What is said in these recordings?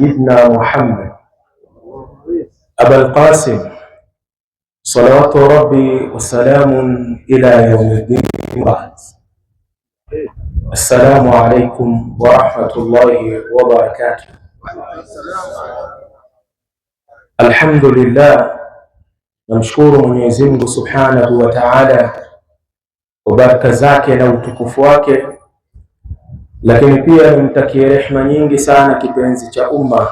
سيدنا محمد أبا القاسم صلاة ربي وسلام إلى يوم الدين بعد السلام عليكم ورحمة الله وبركاته الحمد لله نشكر من يزيمه سبحانه وتعالى وبركزاك لو تكفواك lakini pia nimtakie rehma nyingi sana kipenzi cha umma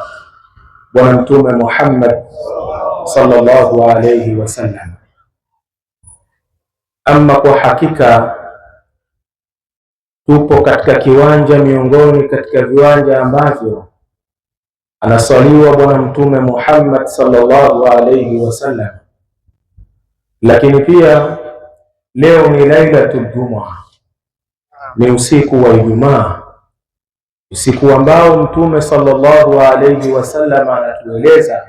Bwana Mtume Muhammad sallallahu alayhi wasallam. Ama kwa hakika tupo katika kiwanja miongoni katika viwanja ambavyo anaswaliwa Bwana Mtume Muhammad sallallahu alayhi wasallam, lakini pia leo ni Lailatul Jumaa ni usiku wa Ijumaa, usiku ambao Mtume sallallahu alayhi wasallam anatueleza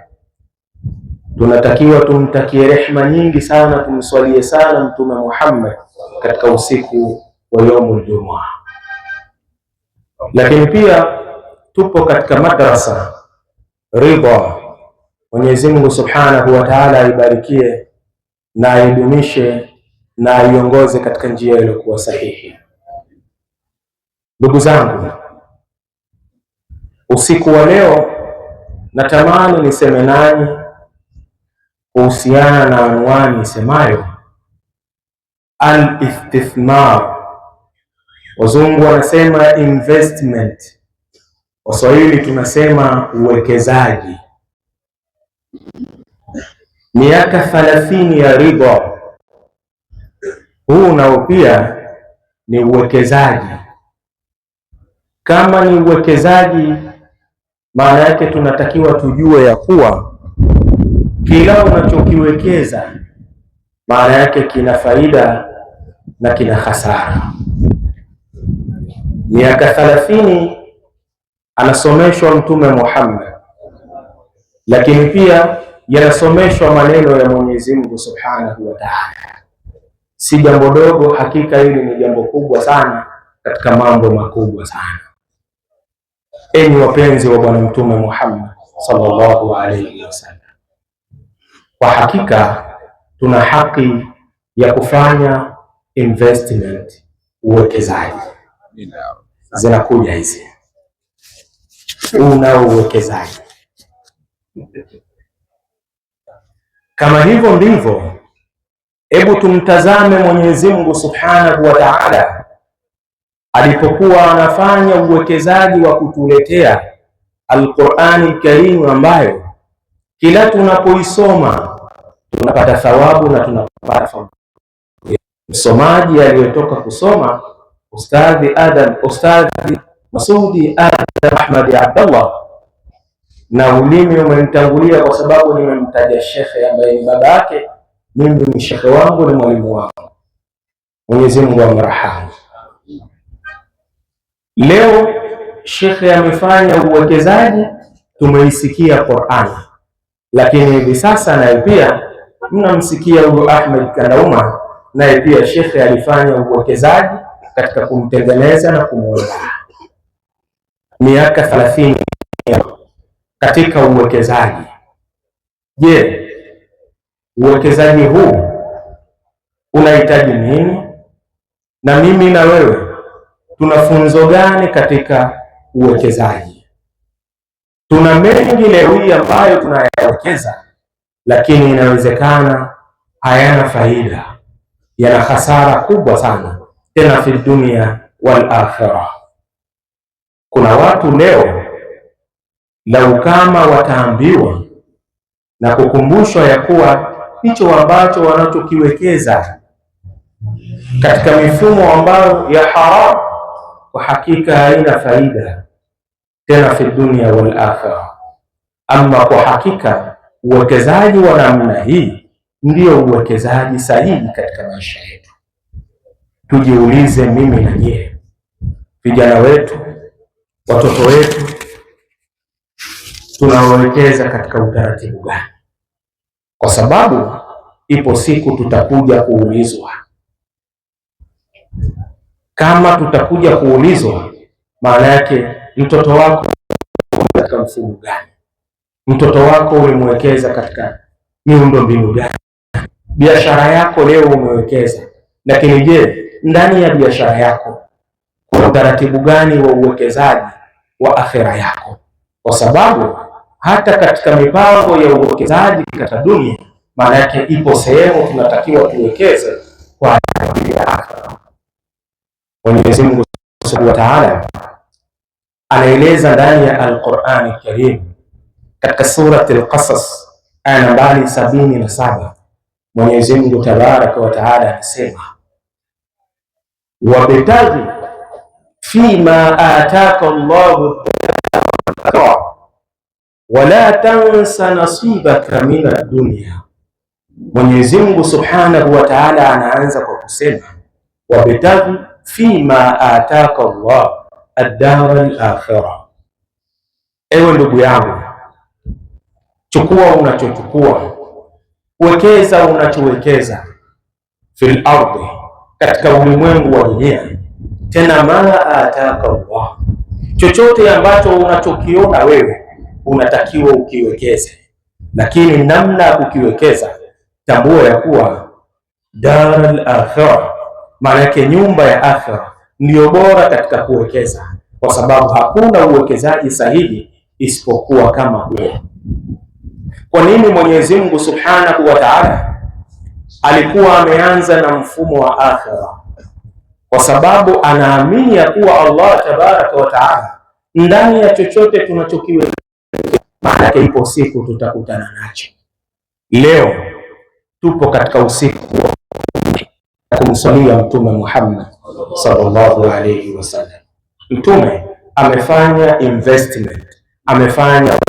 tunatakiwa tumtakie rehma nyingi sana, tumswalie sana Mtume Muhammad katika usiku wa yaumu ljumua Lakini pia tupo katika madrasa ridha. Mwenyezi Mungu Subhanahu wa Ta'ala aibarikie na aidumishe na aiongoze katika njia iliyokuwa sahihi. Ndugu zangu, usiku wa leo natamani niseme nanyi kuhusiana na anwani isemayo al-istithmar. Wazungu wanasema investment, Waswahili tunasema uwekezaji. Miaka thalathini ya riba, huu nao pia ni uwekezaji kama ni uwekezaji, maana yake tunatakiwa tujue ya kuwa kila unachokiwekeza maana yake kina faida na kina hasara. Miaka thalathini anasomeshwa Mtume Muhammad, lakini pia yanasomeshwa maneno ya Mwenyezi Mungu Subhanahu wa Ta'ala. Si jambo dogo, hakika hili ni jambo kubwa sana katika mambo makubwa sana enyi wapenzi wa Bwana Mtume Muhammad sallallahu alaihi wasallam, kwa hakika tuna haki ya kufanya investment, uwekezaji. Zinakuja hizi, una uwekezaji kama hivyo ndivyo. Hebu tumtazame Mwenyezi Mungu subhanahu wa ta'ala alipokuwa anafanya uwekezaji wa kutuletea Alqurani Karimu ambayo kila tunapoisoma tunapata thawabu na tunapata msomaji aliyetoka kusoma Ustadhi Adam Ustadhi Masudi Adam Ahmadi Abdallah, na ulimi umemtangulia kwa sababu nimemtaja shekhe ambaye ni baba yake, mimi ni shekhe wangu, ni mwalimu wangu, Mwenyezi Mungu amrahamu Leo shekhe amefanya uwekezaji, tumeisikia Qur'an, lakini hivi sasa naye pia mnamsikia huyo Ahmed Kandauma, naye pia shekhe alifanya uwekezaji katika kumtengeneza na kumuoa miaka 30 katika uwekezaji. Je, uwekezaji huu unahitaji nini? Na mimi na wewe tuna funzo gani katika uwekezaji? Tuna mengi leo hii ambayo tunayawekeza, lakini inawezekana hayana faida, yana hasara kubwa sana, tena fi dunia wal akhira. Kuna watu leo lau kama wataambiwa na kukumbushwa ya kuwa hicho ambacho wanachokiwekeza katika mifumo ambayo ya haramu kwa hakika haina faida tena fi dunia wal akhirah. Ama kwa hakika uwekezaji wa namna hii ndio uwekezaji sahihi katika maisha yetu. Tujiulize mimi na nyie, vijana wetu, watoto wetu, tunawekeza katika utaratibu gani? Kwa sababu ipo siku tutakuja kuulizwa kama tutakuja kuulizwa, maana yake mtoto wako katika mfumo gani? Mtoto wako ulimwekeza katika miundo mbinu gani? Biashara yako leo umewekeza, lakini je, ndani ya biashara yako kuna utaratibu gani wa uwekezaji wa akhera yako? Kwa sababu hata katika mipango ya uwekezaji katika dunia, maana yake ipo sehemu tunatakiwa tuwekeze kwa ajili ya akhera. Mwenyezi Mungu Subhanahu wa Ta'ala anaeleza ndani ya al quran Karim katika sura Al-Qasas aya nambari sabini na saba Mwenyezi Mungu Tabarak wa Taala anasema wabtaghi fima ataka Allahu wala tansa nasibaka min ad-dunya. Mwenyezi Mungu Subhanahu wa Taala anaanza kwa kusema wabtaghi fima ataka Allah ad-dara al-akhirah. Ewe ndugu yangu, chukua unachochukua, wekeza unachowekeza, fil ardi, katika ulimwengu wa dunia. Tena ma ataka Allah, chochote ambacho unachokiona wewe unatakiwa ukiwekeze, lakini namna ya kukiwekeza, tambua ya kuwa dara al-akhirah maana yake nyumba ya akhira ndiyo bora katika kuwekeza, kwa sababu hakuna uwekezaji sahihi isipokuwa kama huo. Kwa nini Mwenyezi Mungu Subhanahu wa Ta'ala alikuwa ameanza na mfumo wa akhira? Kwa sababu anaamini ya kuwa Allah tabaraka wa taala, ndani ya chochote tunachokiwe, maana yake ipo siku tutakutana nacho. Leo tupo katika usiku kumswalia Mtume Muhammad sallallahu alayhi wasallam. Mtume amefanya investment, amefanya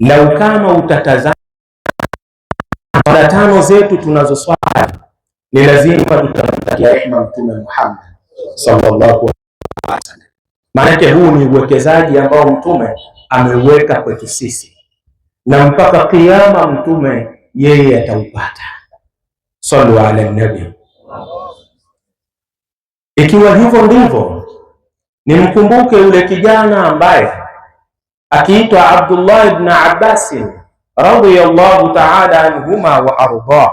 lau kama utatazama mara tano zetu tunazoswali ni lazima tutamtakia rehma Mtume Muhammad sallallahu alaihi wasallam. Maanake huu ni uwekezaji ambao Mtume ameuweka kwetu sisi na mpaka kiama mtume yeye ataupata. Sallu ala nabi. Ikiwa hivyo ndivyo, nimkumbuke yule kijana ambaye akiitwa Abdullah ibn Abbas radhiyallahu ta'ala anhuma wa arda,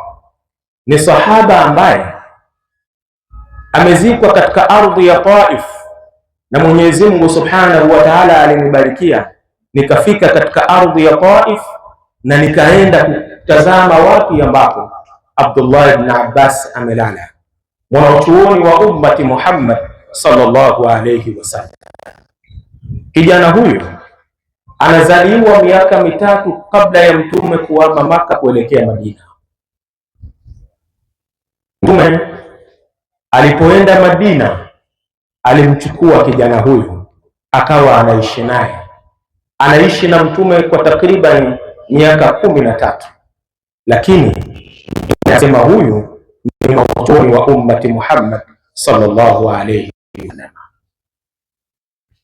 ni sahaba ambaye amezikwa katika ardhi ya Taif na Mwenyezi Mungu subhanahu wa ta'ala alimubarikia nikafika katika ardhi ya Taif na nikaenda kutazama wapi ambapo Abdullah ibn Abbas amelala, mwanachuoni wa ummati Muhammad sallallahu alayhi wasallam. Kijana huyo anazaliwa miaka mitatu kabla ya mtume kuhama Maka kuelekea Madina. Mtume alipoenda Madina alimchukua kijana huyo akawa anaishi naye anaishi na mtume kwa takriban miaka kumi na tatu, lakini nasema huyu ni mwautoni wa ummati Muhammad sallallahu alayhi wasallam.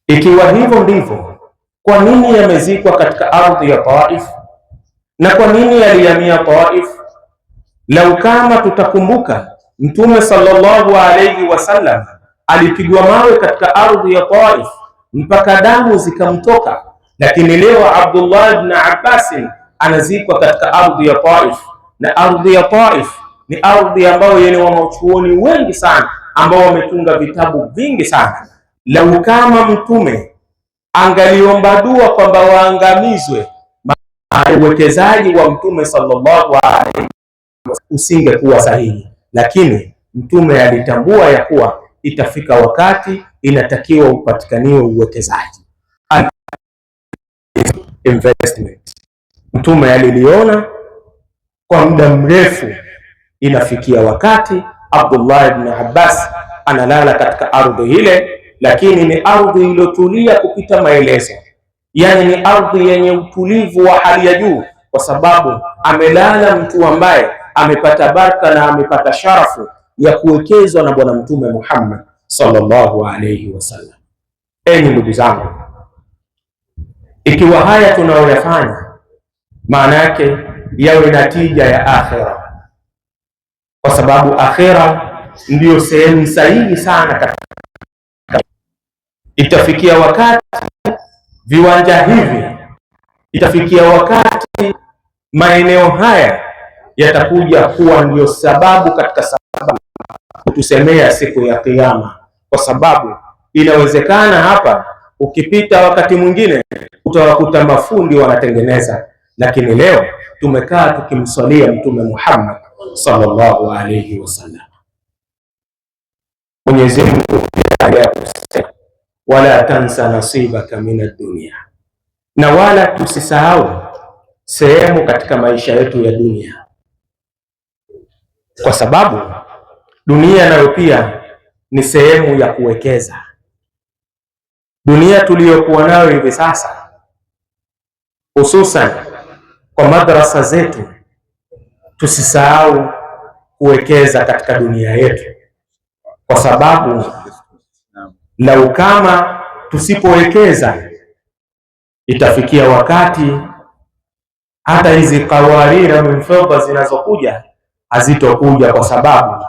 Ikiwa hivyo ndivyo, kwa nini yamezikwa katika ardhi ya Taif na kwa nini yalihamia Taif? Lau kama tutakumbuka, mtume sallallahu alayhi wasallam alipigwa mawe katika ardhi ya Taif mpaka damu zikamtoka lakini leo Abdullah ibn Abbas anazikwa katika ardhi ya Taif, na ardhi ya Taif ni ardhi ambayo yenye wanachuoni wengi sana ambao wametunga vitabu vingi sana. Lau kama mtume angaliomba dua kwamba waangamizwe, uwekezaji wa mtume sallallahu alaihi usingekuwa sahihi, lakini mtume alitambua ya kuwa itafika wakati inatakiwa upatikaniwe uwekezaji investment. Mtume aliliona kwa muda mrefu, inafikia wakati Abdullah ibn Abbas analala katika ardhi ile, lakini ni ardhi iliyotulia kupita maelezo, yaani ni ardhi yenye utulivu wa hali ya juu, kwa sababu amelala mtu ambaye amepata baraka na amepata sharafu ya kuwekezwa na Bwana Mtume Muhammad sallallahu alayhi wasallam. Enyi ndugu zangu ikiwa haya tunayoyafanya maana yake yawe na tija ya akhera, kwa sababu akhera ndiyo sehemu sahihi sana katika. Itafikia wakati viwanja hivi, itafikia wakati maeneo haya yatakuja kuwa ndiyo sababu katika sababu kutusemea siku ya Kiyama, kwa sababu inawezekana hapa Ukipita wakati mwingine utawakuta mafundi wanatengeneza, lakini leo tumekaa tukimswalia Mtume Muhammad sallallahu alaihi wasallam. Mwenyezi Mungu wala tansa nasibaka minad dunia, na wala tusisahau sehemu katika maisha yetu ya dunia, kwa sababu dunia nayo pia ni sehemu ya kuwekeza Dunia tuliyokuwa nayo hivi sasa, hususan kwa madrasa zetu, tusisahau kuwekeza katika dunia yetu, kwa sababu lau kama tusipowekeza itafikia wakati hata hizi kawarira min zinazokuja hazitokuja, kwa sababu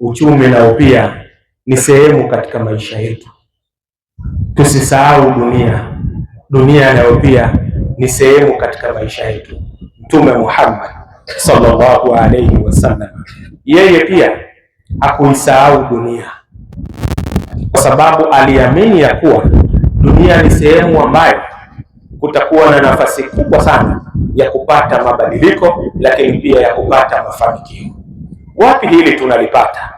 uchumi nao pia ni sehemu katika maisha yetu. Tusisahau dunia, dunia nayo pia ni sehemu katika maisha yetu. Mtume Muhammad sallallahu alayhi wasallam, yeye pia hakuisahau dunia, kwa sababu aliamini ya kuwa dunia ni sehemu ambayo kutakuwa na nafasi kubwa sana ya kupata mabadiliko, lakini pia ya kupata mafanikio. Wapi hili tunalipata?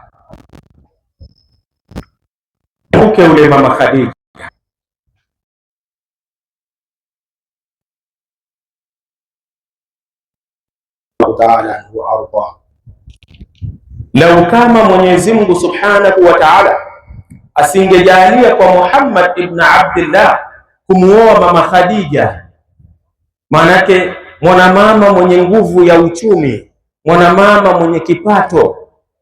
mke ule mama Khadija taala arda lau kama Mwenyezi Mungu subhanahu wa taala asingejalia kwa Muhammad ibn Abdillah kumuoa mama Khadija, maanake mwanamama mwenye nguvu ya uchumi, mwanamama mwenye kipato,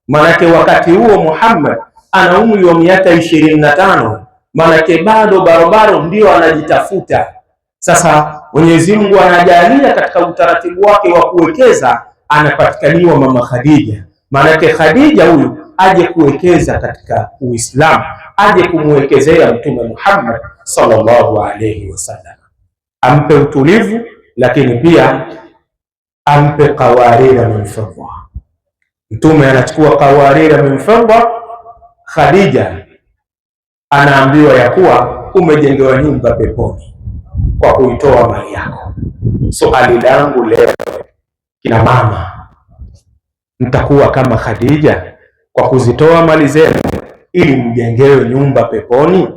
maanake wakati huo Muhammad ana umri wa miaka ishirini na tano, manake bado barobaro ndio anajitafuta. Sasa Mwenyezi Mungu anajalia katika utaratibu wake wa kuwekeza, anapatikaniwa mama Khadija, manake Khadija huyu aje kuwekeza katika Uislamu, aje kumwekezea Mtume Muhammad sallallahu alayhi wasallam, ampe utulivu, lakini pia ampe qawarira min Mtume anachukua qawarira min Khadija anaambiwa ya kuwa umejengewa nyumba peponi kwa kuitoa mali yako. Swali so, langu leo kina mama, mtakuwa kama Khadija kwa kuzitoa mali zenu ili mjengewe nyumba peponi,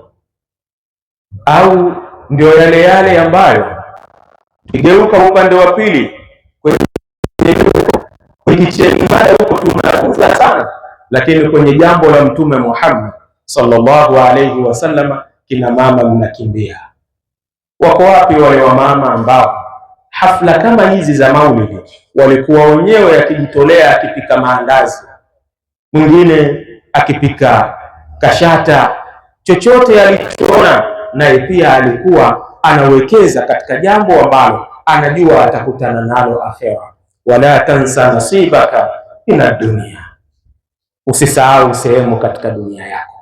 au ndio yale yale ambayo kigeuka upande wa pili kwenye kwenye mada huko tunauza sana lakini kwenye jambo la Mtume Muhammad sallallahu alayhi wasallam, kina mama mnakimbia. Wako wapi wale wamama ambao hafla kama hizi za maulidi walikuwa wenyewe akijitolea, akipika maandazi, mwingine akipika kashata, chochote alichoona, naye pia alikuwa anawekeza katika jambo ambalo anajua atakutana nalo akhera. Wala tansa nasibaka mina dunia usisahau sehemu katika dunia yako.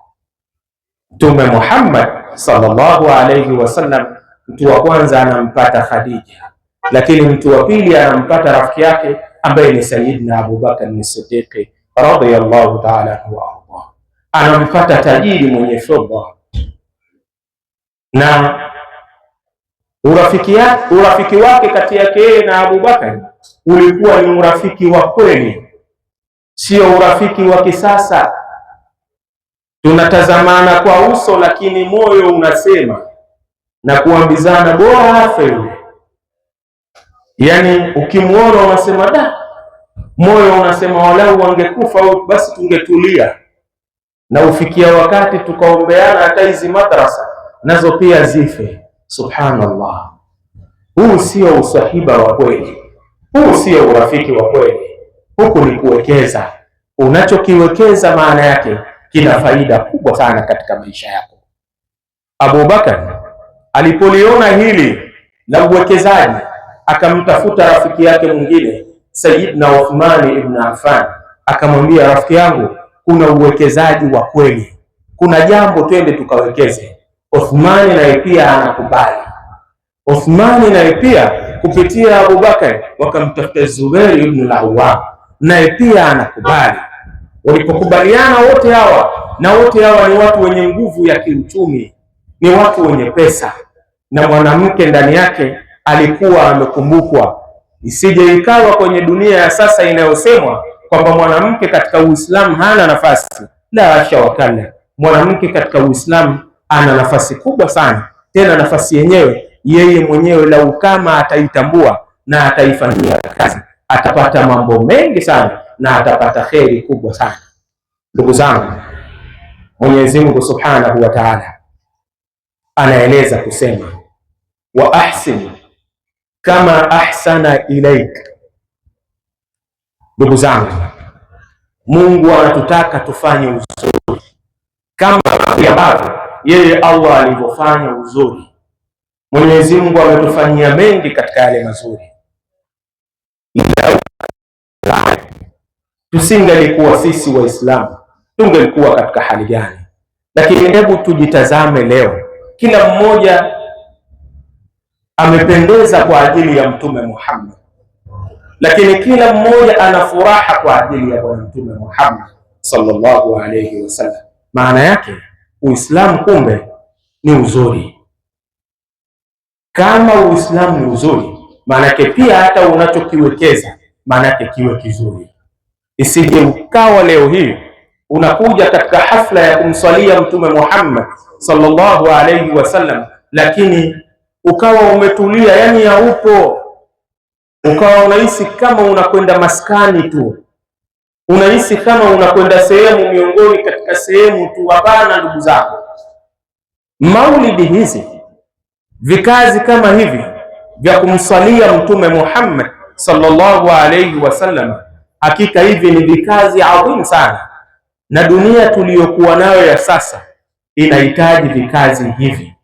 Mtume Muhammad sallallahu alayhi wasallam, mtu wa kwanza anampata Khadija, lakini mtu wa pili anampata rafiki yake ambaye ni Sayyidina Abu Bakr as-Siddiq radhiyallahu ta'ala anhu Allah, anampata tajiri mwenye fedha na urafiki, ya, urafiki wake kati yake na Abu ulikuwa ni urafiki wa kweli sio urafiki wa kisasa. Tunatazamana kwa uso, lakini moyo unasema na kuambizana bora afe yule. Yaani ukimwona unasema da, moyo unasema walau wangekufa au basi tungetulia. Na ufikia wakati tukaombeana hata hizi madrasa nazo pia zife. Subhanallah, huu sio usahiba wa kweli, huu sio urafiki wa kweli huku ni kuwekeza. Unachokiwekeza maana yake kina faida kubwa sana katika maisha yako. Abubakar alipoliona hili la uwekezaji, akamtafuta rafiki yake mwingine Sayyidna Uthman ibn Affan, akamwambia rafiki yangu, kuna uwekezaji wa kweli, kuna jambo, twende tukawekeze. Uthman naye pia anakubali. Uthman naye pia kupitia Abubakar wakamtafuta Zubair ibn al-Awwam naye pia anakubali. Walipokubaliana wote hawa, na wote hawa ni watu wenye nguvu ya kiuchumi, ni watu wenye pesa, na mwanamke ndani yake alikuwa amekumbukwa, isije ikawa kwenye dunia ya sasa inayosemwa kwamba mwanamke katika Uislamu hana nafasi. La hasha wakala, mwanamke katika Uislamu ana nafasi kubwa sana, tena nafasi yenyewe yeye mwenyewe lau kama ataitambua na ataifanyia kazi atapata mambo mengi sana na atapata kheri kubwa sana. Ndugu zangu, Mwenyezi Mungu Subhanahu wa Ta'ala anaeleza kusema, wa ahsin kama ahsana ilaik. Ndugu zangu, Mungu anatutaka tufanye uzuri kama ambavyo yeye Allah alivyofanya uzuri. Mwenyezi Mungu ametufanyia mengi katika yale mazuri Lau tusingelikuwa sisi Waislamu tungelikuwa katika hali gani? Lakini hebu tujitazame leo, kila mmoja amependeza kwa ajili ya Mtume Muhammad, lakini kila mmoja ana furaha kwa ajili ya Bwana Mtume Muhammad sallallahu alayhi wasallam. Maana yake Uislamu kumbe ni uzuri. Kama Uislamu ni uzuri Maanake pia hata unachokiwekeza maanake kiwe kizuri, isije ukawa leo hii unakuja katika hafla ya kumswalia Mtume Muhammad sallallahu alaihi wasallam, lakini ukawa umetulia, yani haupo, ukawa unahisi kama unakwenda maskani tu, unahisi kama unakwenda sehemu miongoni katika sehemu tu. Hapana ndugu zangu, maulidi hizi, vikazi kama hivi vya kumsalia Mtume Muhammad sallallahu alayhi wasallam, hakika hivi ni vikazi adhimu sana, na dunia tuliyokuwa nayo ya sasa inahitaji vikazi hivi.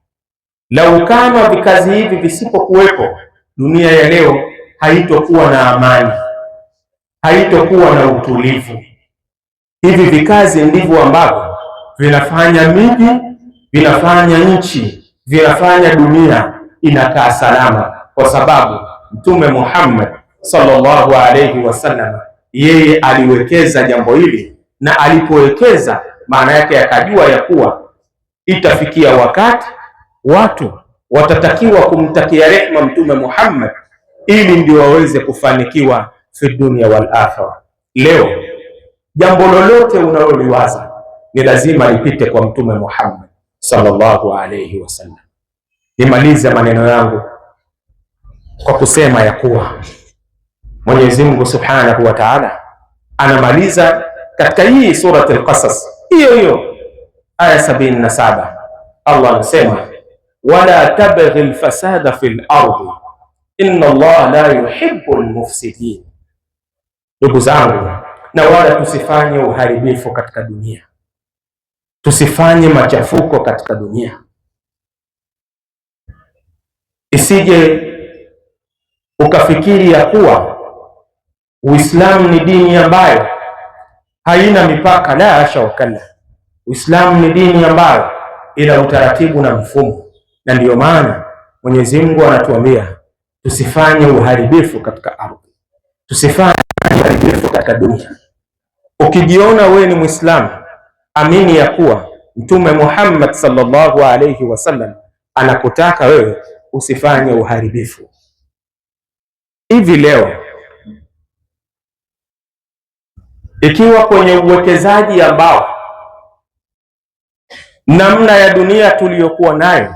Lau kama vikazi hivi visipokuwepo, dunia ya leo haitokuwa na amani, haitokuwa na utulivu. Hivi vikazi ndivyo ambavyo vinafanya miji, vinafanya nchi, vinafanya dunia inakaa salama kwa sababu Mtume Muhammad sallallahu alayhi wasallam yeye aliwekeza jambo hili, na alipowekeza maana yake akajua ya kuwa itafikia wakati watu watatakiwa kumtakia rehma Mtume Muhammad ili ndio waweze kufanikiwa fi dunia wal akhirah. Leo jambo lolote unaloliwaza ni lazima lipite kwa Mtume Muhammad sallallahu alayhi wasallam. Nimalize maneno yangu kwa kusema ya kuwa Mwenyezi Mungu Subhanahu wa Ta'ala anamaliza katika hii surati al-Qasas hiyo hiyo aya sabini na saba Allah anasema wala tabghi lfasada fi lardi inna Allah la yuhibbu lmufsidin. Ndugu zangu, na wala tusifanye uharibifu katika dunia, tusifanye machafuko katika dunia, isije ukafikiri ya kuwa Uislamu ni dini ambayo haina mipaka. La hasha wakalla, Uislamu ni dini ambayo ina utaratibu na mfumo, na ndiyo maana Mwenyezi Mungu anatuambia tusifanye uharibifu katika ardhi, tusifanye uharibifu katika dunia. Ukijiona wewe ni Muislamu, amini ya kuwa Mtume Muhammad sallallahu alayhi wasallam anakutaka wewe usifanye uharibifu. Hivi leo ikiwa kwenye uwekezaji ambao namna ya dunia tuliyokuwa nayo,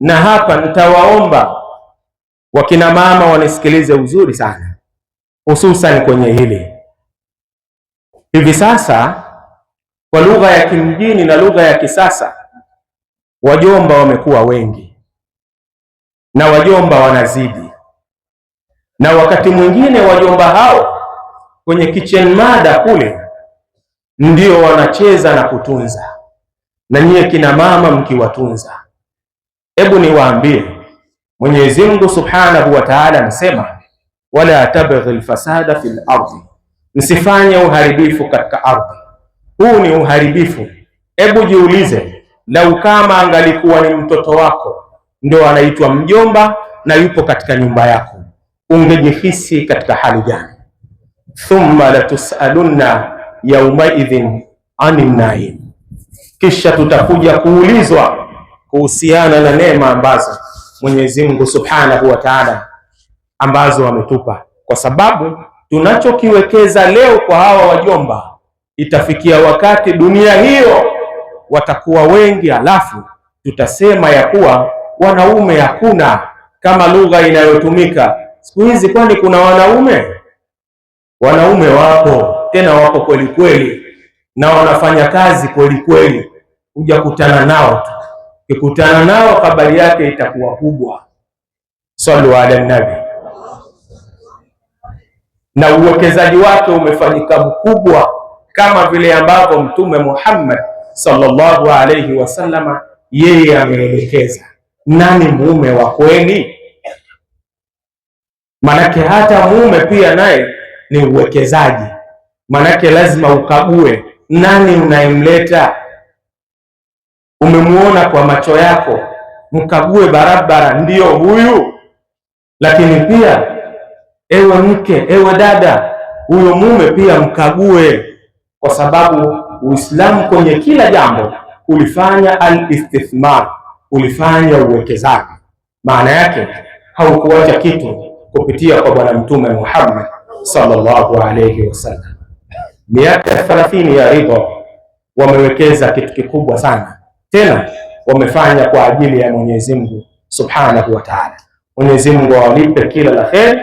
na hapa nitawaomba wakina mama wanisikilize uzuri sana, hususan kwenye hili. Hivi sasa kwa lugha ya kimjini na lugha ya kisasa, wajomba wamekuwa wengi na wajomba wanazidi na wakati mwingine wajomba hao kwenye kitchen mada kule ndio wanacheza na kutunza, na nyie kina mama mkiwatunza, hebu niwaambie, Mwenyezi Mungu Subhanahu wa Ta'ala anasema wala tabghi lfasada fi lardi, msifanye uharibifu katika ardhi. Huu ni uharibifu. Hebu jiulize, lau kama angalikuwa ni mtoto wako ndio anaitwa mjomba na yupo katika nyumba yako ungejihisi katika hali gani? Thumma latusalunna yaumaidhin anin naim, kisha tutakuja kuulizwa kuhusiana na neema ambazo Mwenyezi Mungu Subhanahu wa Ta'ala ambazo ametupa, kwa sababu tunachokiwekeza leo kwa hawa wajomba, itafikia wakati dunia hiyo watakuwa wengi, alafu tutasema ya kuwa wanaume hakuna, kama lugha inayotumika siku hizi, kwani kuna wanaume? Wanaume wapo tena, wapo kweli kweli, na wanafanya kazi kweli kweli, hujakutana nao tu. Ukikutana nao habari yake itakuwa kubwa. Sallu ala nabi. Na uwekezaji wake umefanyika mkubwa, kama vile ambavyo Mtume Muhammad sallallahu alayhi wasallama yeye ameelekeza Nani mume wa kweli? Manake hata mume pia naye ni uwekezaji, manake lazima ukague nani unayemleta, umemuona kwa macho yako, mkague barabara, ndiyo huyu. Lakini pia ewe mke, ewe dada, huyo mume pia mkague, kwa sababu Uislamu kwenye kila jambo ulifanya al-istithmar, ulifanya uwekezaji. Maana yake haukuacha kitu kupitia kwa Bwana Mtume Muhammad sallallahu alayhi wasallam. Miaka thelathini ya ridha wamewekeza kitu kikubwa sana, tena wamefanya kwa ajili ya Mwenyezi Mungu subhanahu wa taala. Mwenyezi Mungu awalipe kila la kheri,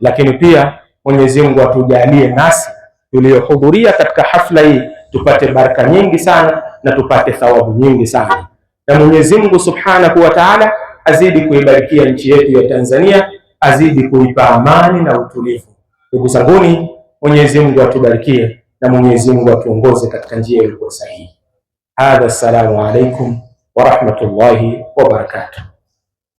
lakini pia Mwenyezi Mungu atujalie nasi tuliyohudhuria katika hafla hii tupate baraka nyingi sana na tupate thawabu nyingi sana, na Mwenyezi Mungu subhanahu wa taala azidi kuibarikia nchi yetu ya Tanzania azidi kuipa amani na utulivu. Ndugu zanguni, Mwenyezi Mungu atubarikie na Mwenyezi Mungu atuongoze katika njia iliyo sahihi. Hadha, assalamu alaikum wa rahmatullahi wa barakatuh.